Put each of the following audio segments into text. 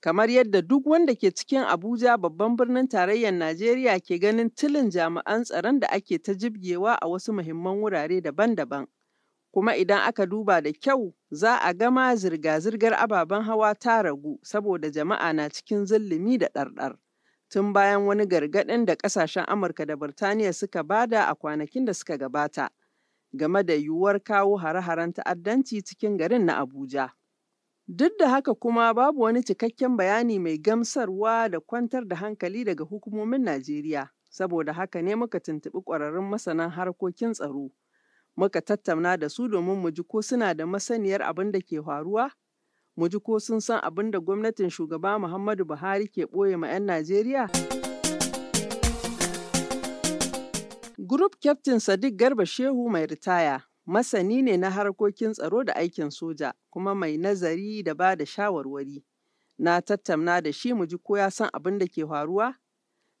kamar yadda duk wanda ke cikin Abuja babban birnin tarayyar Najeriya ke ganin tilin jami'an tsaron da ake ta jibgewa a wasu muhimman wurare daban-daban. Kuma idan aka duba da kyau za a gama zirga-zirgar ababen hawa ta ragu saboda jama'a na cikin zillimi da ɗarɗar. Tun bayan wani gargaɗin da ƙasashen Amurka da Birtaniya suka bada a kwanakin da suka gabata game da yiwuwar kawo hare-haren ta'addanci cikin garin na Abuja. Duk da haka kuma babu wani cikakken bayani mai gamsarwa da kwantar da hankali daga hukumomin Najeriya, saboda haka ne muka tuntuɓi ƙwararrun masana harkokin tsaro, muka tattauna da su domin mu ji ko suna da masaniyar abin da ke faruwa, mu ji ko sun san abin da gwamnatin shugaba Muhammadu Buhari ke ɓoye ma 'yan Najeriya. Group Captain Sadiq Garba Shehu mai ritaya Masani ne na harkokin tsaro da aikin soja, kuma mai nazari da ba da shawarwari. Na tattauna da shi mu ji ko ya san abin da ke faruwa.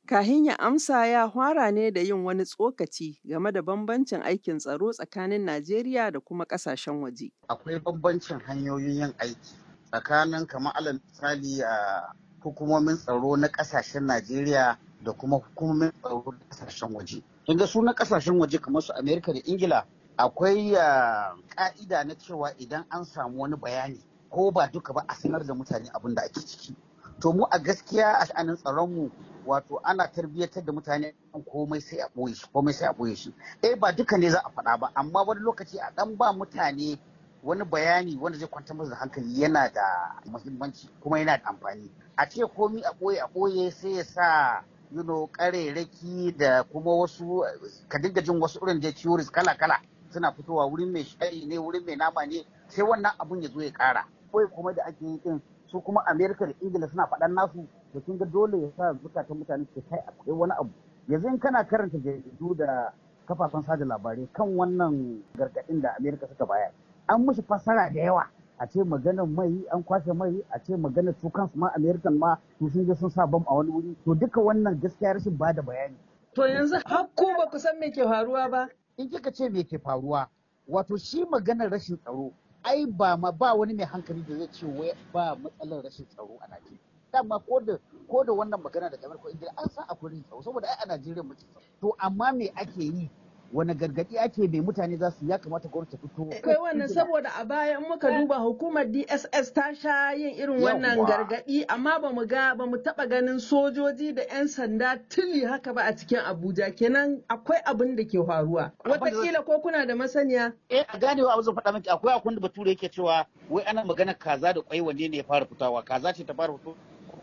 Kahin ya amsa ya hwara ne da yin wani tsokaci game da bambancin aikin tsaro tsakanin Najeriya da kuma kasashen waje. Akwai bambancin hanyoyin yin aiki tsakanin kamar alal misali a hukumomin tsaro na ƙasashen Najeriya da kuma hukumomin tsaro na ƙasashen waje. kinga su na ƙasashen waje kamar su Amerika da Ingila akwai ka'ida na cewa idan an samu wani bayani ko ba duka ba a sanar da mutane abin da ake ciki to mu a gaskiya a sha'anin tsaronmu wato ana tarbiyyatar da mutane komai sai a ɓoye shi komai sai a ɓoye shi eh ba duka ne za a faɗa ba amma wani lokaci a ɗan ba mutane wani bayani wanda zai kwantar musu da hankali yana da muhimmanci kuma yana da amfani a ce komi a ɓoye a ɓoye sai ya sa you know da kuma wasu ka wasu irin da ciwo kala kala suna fitowa wurin mai shayi ne wurin mai nama ne sai wannan abun ya zo ya kara kawai kuma da ake yi din su kuma amerika da ingila suna faɗan nasu da kin ga dole ya sa zukatan mutane su kai akwai wani abu yanzu in kana karanta jaridu da kafafen sada labarai kan wannan gargaɗin da amerika suka bayar an mushi fassara da yawa a ce maganar mai an kwashe mai a ce maganar su kansu ma amerikan ma su sun je sun sa bam a wani wuri to duka wannan gaskiya rashin bada bayani to yanzu hakko ba ku san me ke faruwa ba in kika ce me ke faruwa wato shi maganar rashin tsaro ai ba ma ba wani mai hankali da zai ce wai ba matsalar rashin tsaro a Najeriya dama ko da ko da wannan magana da Amurka Ingila an san akwai rashin tsaro saboda ai a Najeriya muke to amma me ake yi wani gargadi ake mai mutane za su ya kamata gwamnati ta fito kai wannan saboda a baya in muka eh. duba hukumar DSS ta sha yin irin wannan gargadi amma ba mu ga ba mu taba ganin sojoji da yan sanda tuli haka ba a cikin Abuja kenan akwai abin da ke faruwa watakila ko kuna da masaniya eh a ganewa abin faɗa miki akwai akwai da bature yake cewa wai ana magana kaza da kwai wanne ne ya fara fitawa kaza ce ta fara fito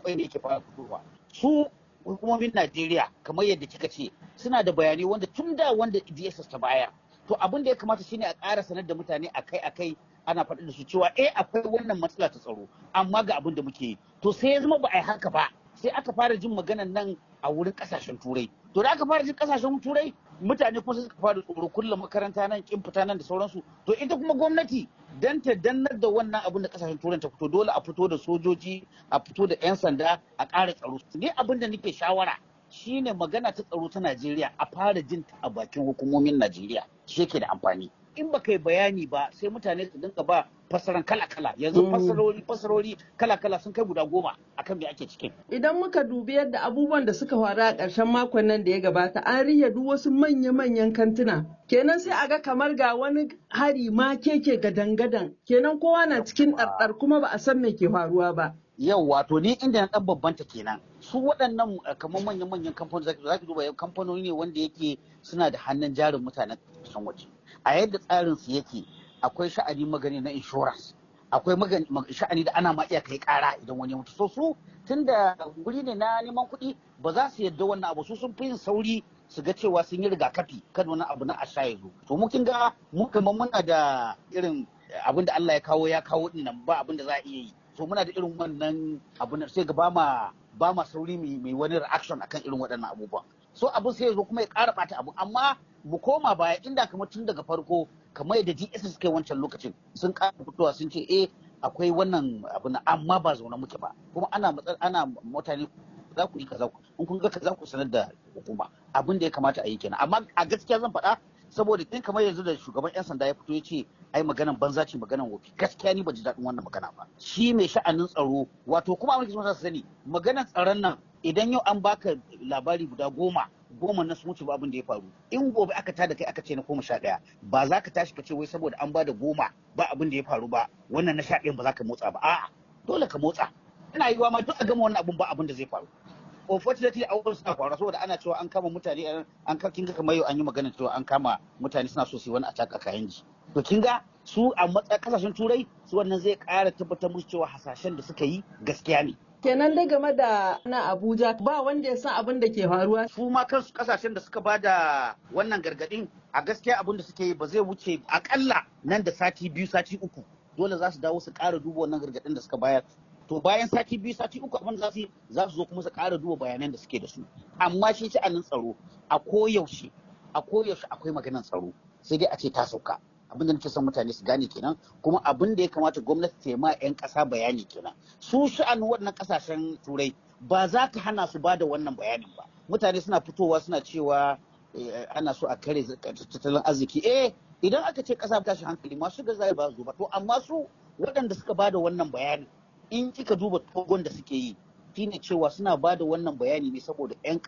kwai ne yake fara fitowa su hukumomin Najeriya kamar yadda kika ce suna da bayanai wanda tun da wanda DSS ta bayar to abin da ya kamata shine a ƙara sanar da mutane akai akai ana faɗa da su cewa eh akwai wannan matsala ta tsaro amma ga abin da muke yi to sai ya zama ba a yi haka ba sai aka fara jin maganan nan a wurin kasashen turai to da aka fara jin kasashen turai mutane kuma suka fara tsoro kullum makaranta nan kin fita nan da sauransu to ita kuma gwamnati dan ta dannar da wannan abin da kasashen turai ta fito dole a fito da sojoji a fito da yan sanda a ƙara tsaro ne abin da nake shawara shine magana ta tsaro ta Najeriya a fara jin ta a bakin hukumomin Najeriya shi ke da amfani in baka yi bayani ba sai mutane su dinka ba fasaran kala-kala yanzu mm. fasarori fasarori kala-kala sun kai guda goma akan me ake cikin idan muka dubi yadda abubuwan da suka faru a ƙarshen makon nan da ya gabata an riya duk wasu manya-manyan kantuna kenan sai a ga kamar ga wani hari ma keke ga dangadan kenan kowa na cikin ɗarɗar kuma ba a san me ke faruwa ba yau wato ni inda na dan babbanta kenan su waɗannan eh, kamar manyan manyan kamfanoni zaki duba kamfanoni ne wanda yake suna da hannun jarin mutanen kusan waje a yadda tsarin su yake akwai sha'ani magani na insurance akwai sha'ani da ana ma iya kai kara idan wani mutu so su tunda guri ne na neman kuɗi ba za su yadda wannan abu su sun fi yin sauri su ga cewa sun yi rigakafi kan wani abu na asha ya zo to mu ga mu kamar muna da irin abin da Allah ya kawo ya kawo din nan ba abin da za a iya yi to muna da irin wannan abu sai ga ba ma ba ma sauri mai wani reaction akan irin waɗannan abubuwa. so abu sai ya zo kuma ya ƙara ɓata abu amma mu koma baya inda kamar tun daga farko kamar yadda DSS kai wancan lokacin sun ƙara fitowa sun ce eh akwai wannan abu na amma ba zaune muke ba kuma ana ana mutane za ku yi kaza ku in kun ga kaza ku sanar da hukuma abin da ya kamata a yi kenan amma a gaskiya zan faɗa saboda tun kamar yanzu da shugaban yan sanda ya fito ya ce ai maganan banza ce maganan wofi gaskiya ni ba ji daɗin wannan magana ba shi mai sha'anin tsaro wato kuma abin da sani maganan tsaron nan idan yau an baka labari guda goma goma na su wuce abin da ya faru in gobe aka tada kai aka ce na koma sha daya ba za ka tashi ka ce wai saboda an bada goma ba abin da ya faru ba wannan na sha ba za ka motsa ba a'a dole ka motsa ina yiwa ma duk a gama wannan abun ba abin da zai faru unfortunately wurin suna faruwa saboda ana cewa an kama mutane an ka kinga kamar yau an yi magana cewa an kama mutane suna so su yi wani attack a kayan ji to kinga su a matsayin kasashen turai su wannan zai ƙara tabbatar musu cewa hasashen da suka yi gaskiya ne kenan dai game da na abuja ba wanda ya san abin da ke faruwa su ma kansu kasashen da suka bada wannan gargadin a gaskiya abin da suke yi ba zai wuce akalla nan da sati biyu sati uku dole za su dawo su ƙara duba wannan gargadin da suka bayar to bayan sati biyu sati uku abin za za su zo kuma su ƙara duba bayanan da suke da su amma shi nan tsaro a koyaushe a koyaushe akwai maganar tsaro sai dai a ce ta sauka abinda nake son mutane su gane kenan kuma abin da ya kamata gwamnati ta ma 'yan ƙasa bayani kenan su sha'an waɗannan ƙasashen turai ba za ka hana su ba da wannan bayanin ba mutane suna fitowa suna cewa eh, ana so a kare tattalin arziki eh idan aka ce ƙasa ta shi hankali masu ga zai ba ba to amma su waɗanda suka ba da wannan bayani in kika duba togon da suke yi shine cewa suna ba da wannan bayani ne saboda 'yan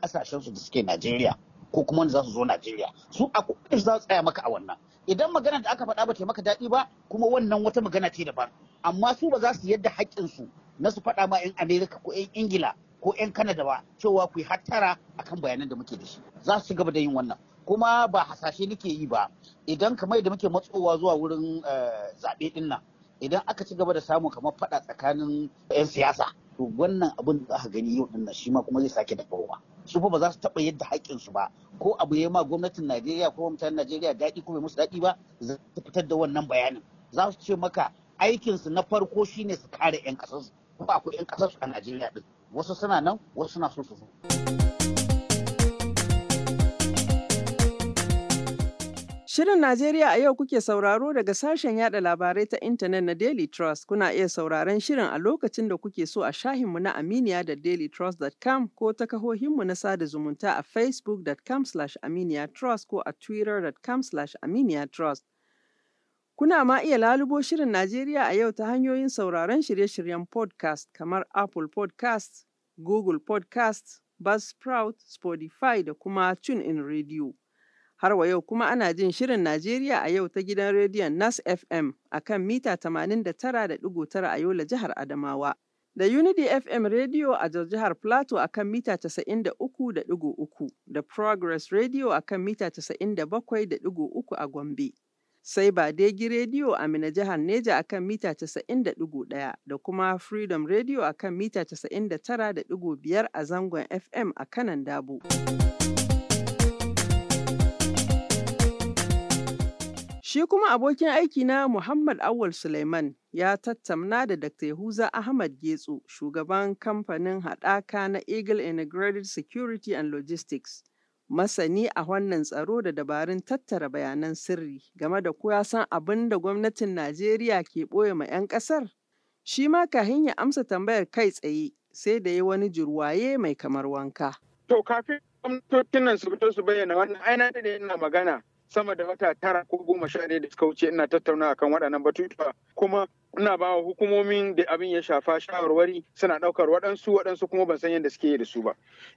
su da suke Najeriya. ko kuma wanda za su zo Najeriya su a kuɗin za su tsaya maka a wannan idan magana da aka faɗa ba ta maka daɗi ba kuma wannan wata magana ce daban amma su ba za su yadda su na su faɗa ma 'yan Amerika ko 'yan Ingila ko 'yan Kanada ba cewa ku yi hattara akan bayanan da muke da shi za su gaba da yin wannan kuma ba hasashe nake yi ba idan kamar da muke matsowa zuwa wurin eh, zaɓe ɗin nan idan aka ci gaba da samun kamar faɗa tsakanin 'yan siyasa to wannan abin da aka gani yau ɗin nan shi ma kuma zai sake da dafawa. su ba za su taɓa yadda su ba ko abu ya ma gwamnatin Najeriya ko mutanen Najeriya daɗi ko bai musu daɗi ba za su fitar da wannan bayanin za su ce maka aikinsu na farko shine su kare 'yan su ko akwai 'yan su a Najeriya din wasu suna nan wasu suna so su zo. Shirin Najeriya a yau kuke sauraro daga sashen yada labarai ta intanet na Daily Trust. Kuna iya sauraron shirin a lokacin da kuke so a shahinmu na Aminiya da dailytrust.com ko ta kahohinmu na sada zumunta a facebook.com slash aminiya-trust ko a twitter.com slash trust Kuna ma iya lalubo shirin Najeriya a yau ta hanyoyin sauraron shirye-shiryen podcast kamar Apple podcast, Google podcast, Buzzsprout, Spotify da kuma in Radio. Har wa yau kuma ana jin Shirin Najeriya a yau ta gidan rediyon Nas FM a kan mita 89.9 a yau da jihar Adamawa. Da Unity FM Radio a jihar Plateau a kan mita 93.3 da Progress Radio a kan mita 97.3 a Gombe. Sai ba Badegi rediyo a Mina jihar Neja a kan mita 90.1 da kuma Freedom Radio a kan mita 99.5 a zangon FM a kanan Dabo. Shi kuma abokin aiki na Muhammad Awul Suleiman ya tattauna da Dr. Yahuza Ahmad Getso, shugaban kamfanin haɗaka na Eagle Integrated Security and Logistics, masani a wannan tsaro da dabarun tattara bayanan sirri game da ko ya san abin da gwamnatin Najeriya ke ɓoye ma 'yan ƙasar. Shi ma kahin ya amsa tambayar kai tsaye sai da ya wani jirwaye mai kamar wanka. To kafin gwamnatocin nan su fito su bayyana wannan aina da ina magana sama da wata tara ko goma sha ɗaya da suka wuce ina tattauna akan waɗannan batutuwa kuma ina ba wa hukumomin da abin ya shafa shawarwari suna ɗaukar waɗansu waɗansu kuma ban san yadda suke yi da su ba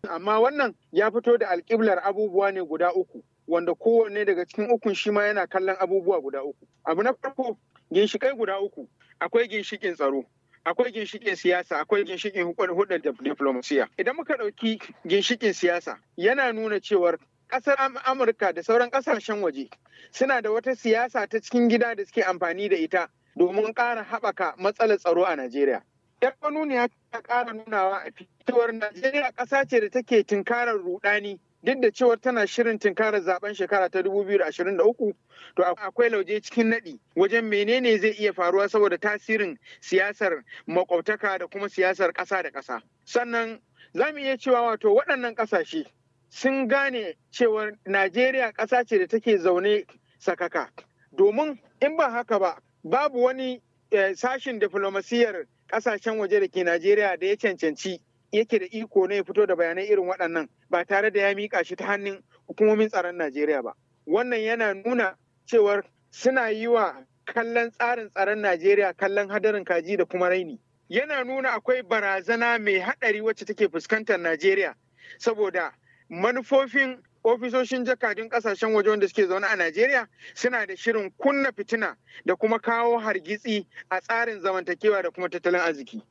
amma wannan ya fito da alƙiblar abubuwa ne guda uku wanda kowanne daga cikin ukun shi ma yana kallon abubuwa guda uku abu na farko ginshiƙai guda uku akwai ginshiƙin tsaro akwai ginshiƙin siyasa akwai hukumar hudar diplomasiya idan muka ɗauki ginshiƙin siyasa yana nuna cewar kasar amurka da sauran kasashen waje suna da wata siyasa ta cikin gida da suke amfani da ita domin ƙara haɓaka matsalar tsaro a najeriya yar ya ta kara nunawa a fitowar najeriya ƙasa ce da take tunkarar rudani duk da cewar tana shirin tunkarar zaben shekara ta 2023 to akwai lauje cikin naɗi wajen menene zai iya faruwa saboda tasirin siyasar makwabtaka da kuma siyasar ƙasa da ƙasa sannan za mu iya cewa wato waɗannan ƙasashe sun gane cewar Najeriya ƙasa ce da take zaune sakaka. Domin in ba haka ba, babu wani sashen eh, sashin diflomasiyar ƙasashen waje da ke Najeriya da ya cancanci yake da iko ne ya fito da bayanai irin waɗannan ba tare da ya miƙa shi ta hannun hukumomin tsaron Najeriya ba. Wannan yana nuna cewar suna yi wa kallon tsarin tsaron Najeriya kallon hadarin kaji da kuma raini. Yana nuna akwai barazana mai haɗari wacce take fuskantar Najeriya saboda manufofin ofisoshin jakadun kasashen waje wanda suke zaune a Najeriya suna da shirin kunna fitina da kuma kawo hargitsi a tsarin zamantakewa da kuma tattalin arziki.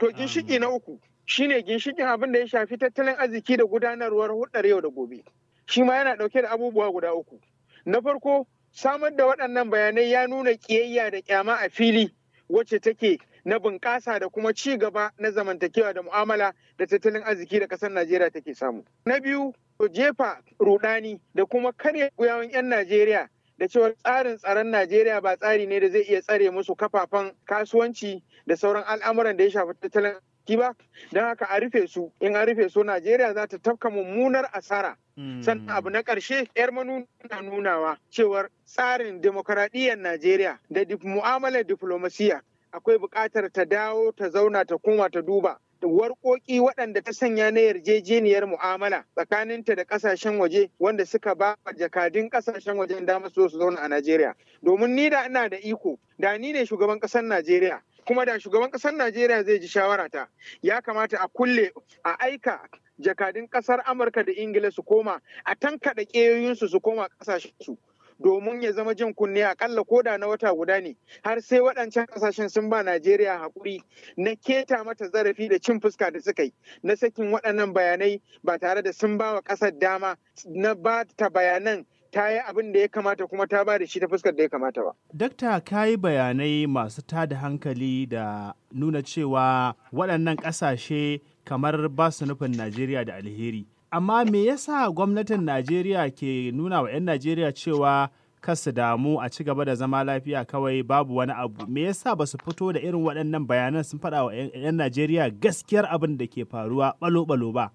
To ginshiki na uku shine ginshikin abin da ya shafi tattalin arziki da gudanarwar hudar yau da gobe. Shi ma yana dauke da abubuwa guda uku. Na farko samar da waɗannan bayanai ya nuna ƙiyayya da kyama a fili wacce take na bunƙasa da kuma ci gaba na zamantakewa da mu'amala da tattalin arziki da ƙasar Najeriya take samu. Na biyu, jefa rudani da kuma karya gwiwawan 'yan Najeriya da cewar tsarin tsaron Najeriya ba tsari ne da zai iya tsare musu kafafen kasuwanci da sauran al'amuran da ya shafi tattalin arziki ba, don haka a rufe su, in a rufe su Najeriya za ta tafka mummunar asara. Hmm. sannan abu na ƙarshe yar na nunawa cewar tsarin demokaradiyyar najeriya da mu'amalar diflomasiya akwai buƙatar ta dawo ta zauna ta koma ta duba warƙoƙi waɗanda ta sanya na yarjejeniyar mu'amala tsakaninta da ƙasashen waje wanda suka ba jakadun ƙasashen wajen dama su su zauna a Najeriya. Domin ni da ina da iko, da ni ne shugaban ƙasar Najeriya. Kuma da shugaban ƙasar Najeriya zai ji shawarata, ya kamata a kulle a aika jakadun ƙasar Amurka da Ingila su koma, a tankaɗa ƙeyoyinsu su koma ƙasashensu. domin ya zama jin kunne akalla koda na wata guda ne har sai waɗancan kasashen sun ba Najeriya haƙuri na keta mata zarafi da cin fuska da suka yi na sakin waɗannan bayanai ba tare da sun ba wa ƙasar dama na ba ta bayanan ta yi abin da ya kamata kuma ta ba da shi ta fuskar da ya kamata ba. Dakta ka yi bayanai masu tada hankali da nuna cewa waɗannan ƙasashe kamar ba su nufin Najeriya da alheri. amma me yasa gwamnatin Najeriya ke nuna wa 'yan Najeriya cewa kasu damu a ci gaba da zama lafiya kawai babu wani abu me yasa ba su fito da irin waɗannan bayanan sun faɗa wa 'yan Najeriya gaskiyar abin da ke faruwa balo-balo ba.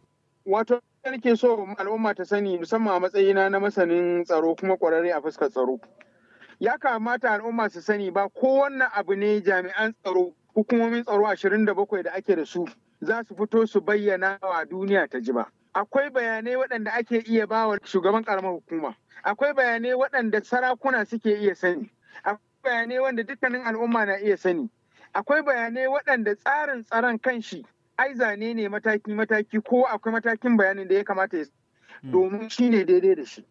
Wato nake so al'umma ta sani musamman a matsayina na masanin tsaro kuma ƙwararre a fuskar tsaro. Ya kamata al'umma su sani ba ko wannan abu ne jami'an tsaro hukumomin tsaro 27 da ake da su za su fito su bayyana wa duniya ta ji ba. akwai bayanai waɗanda ake iya bawa shugaban karamar hukuma akwai bayanai waɗanda sarakuna suke iya sani akwai bayanai wanda dukkanin al'umma na iya sani akwai bayanai waɗanda tsarin tsaron kanshi ai zane ne mataki-mataki ko akwai matakin bayanin da ya kamata ya hmm. domin shi ne daidai da shi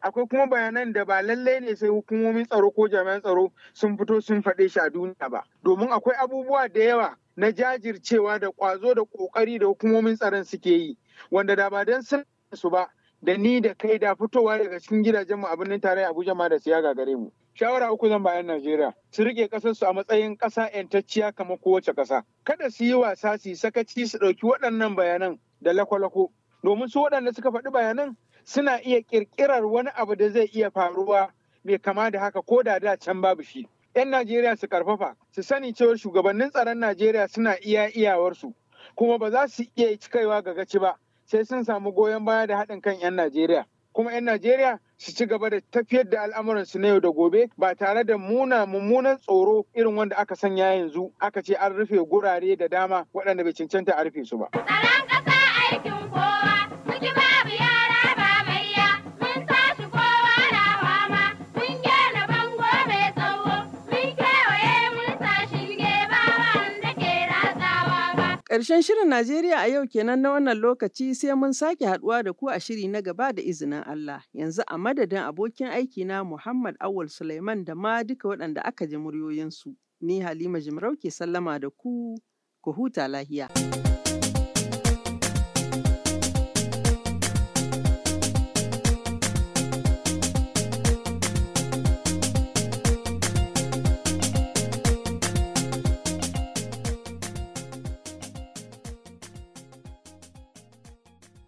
akwai kuma bayanan da ba lallai ne sai hukumomin tsaro ko jami'an tsaro sun fito sun faɗe shi a duniya ba domin akwai abubuwa da yawa na jajircewa da ƙwazo da ƙoƙari da hukumomin tsaron suke yi wanda da ba don su ba da ni da kai da fitowa daga cikin gidajen mu a tarayya Abuja ma da siya ga gagare mu. Shawara uku zan bayan Najeriya su rike kasar su a matsayin ƙasa ‘yantacciya kamar kowace kasa Kada su yi wasa su sakaci su ɗauki waɗannan bayanan da lakwalako domin su waɗanda suka faɗi bayanan suna iya ƙirƙirar wani abu da zai iya faruwa mai kama da haka ko da da can babu shi. 'yan Najeriya su karfafa su sani cewar shugabannin tsaron Najeriya suna iya iyawarsu kuma ba za su iya kaiwa ga gaci ba sai sun samu goyon baya da haɗin kan 'yan Najeriya. Kuma 'yan Najeriya su ci gaba da tafiyar da al'amuransu na yau da gobe ba tare da muna mummunan tsoro irin wanda aka sanya yanzu aka ce an rufe gurare da dama waɗanda bai cancanta a rufe su ba. Ƙarshen shirin Najeriya a yau kenan na wannan lokaci sai mun sake haduwa da ku a shiri na gaba da izinin Allah. Yanzu a madadin abokin aikina Muhammad Awul Suleiman da ma duka waɗanda aka ji muryoyinsu. Ni Halima Jimarau ke sallama da ku, ku huta lahiya.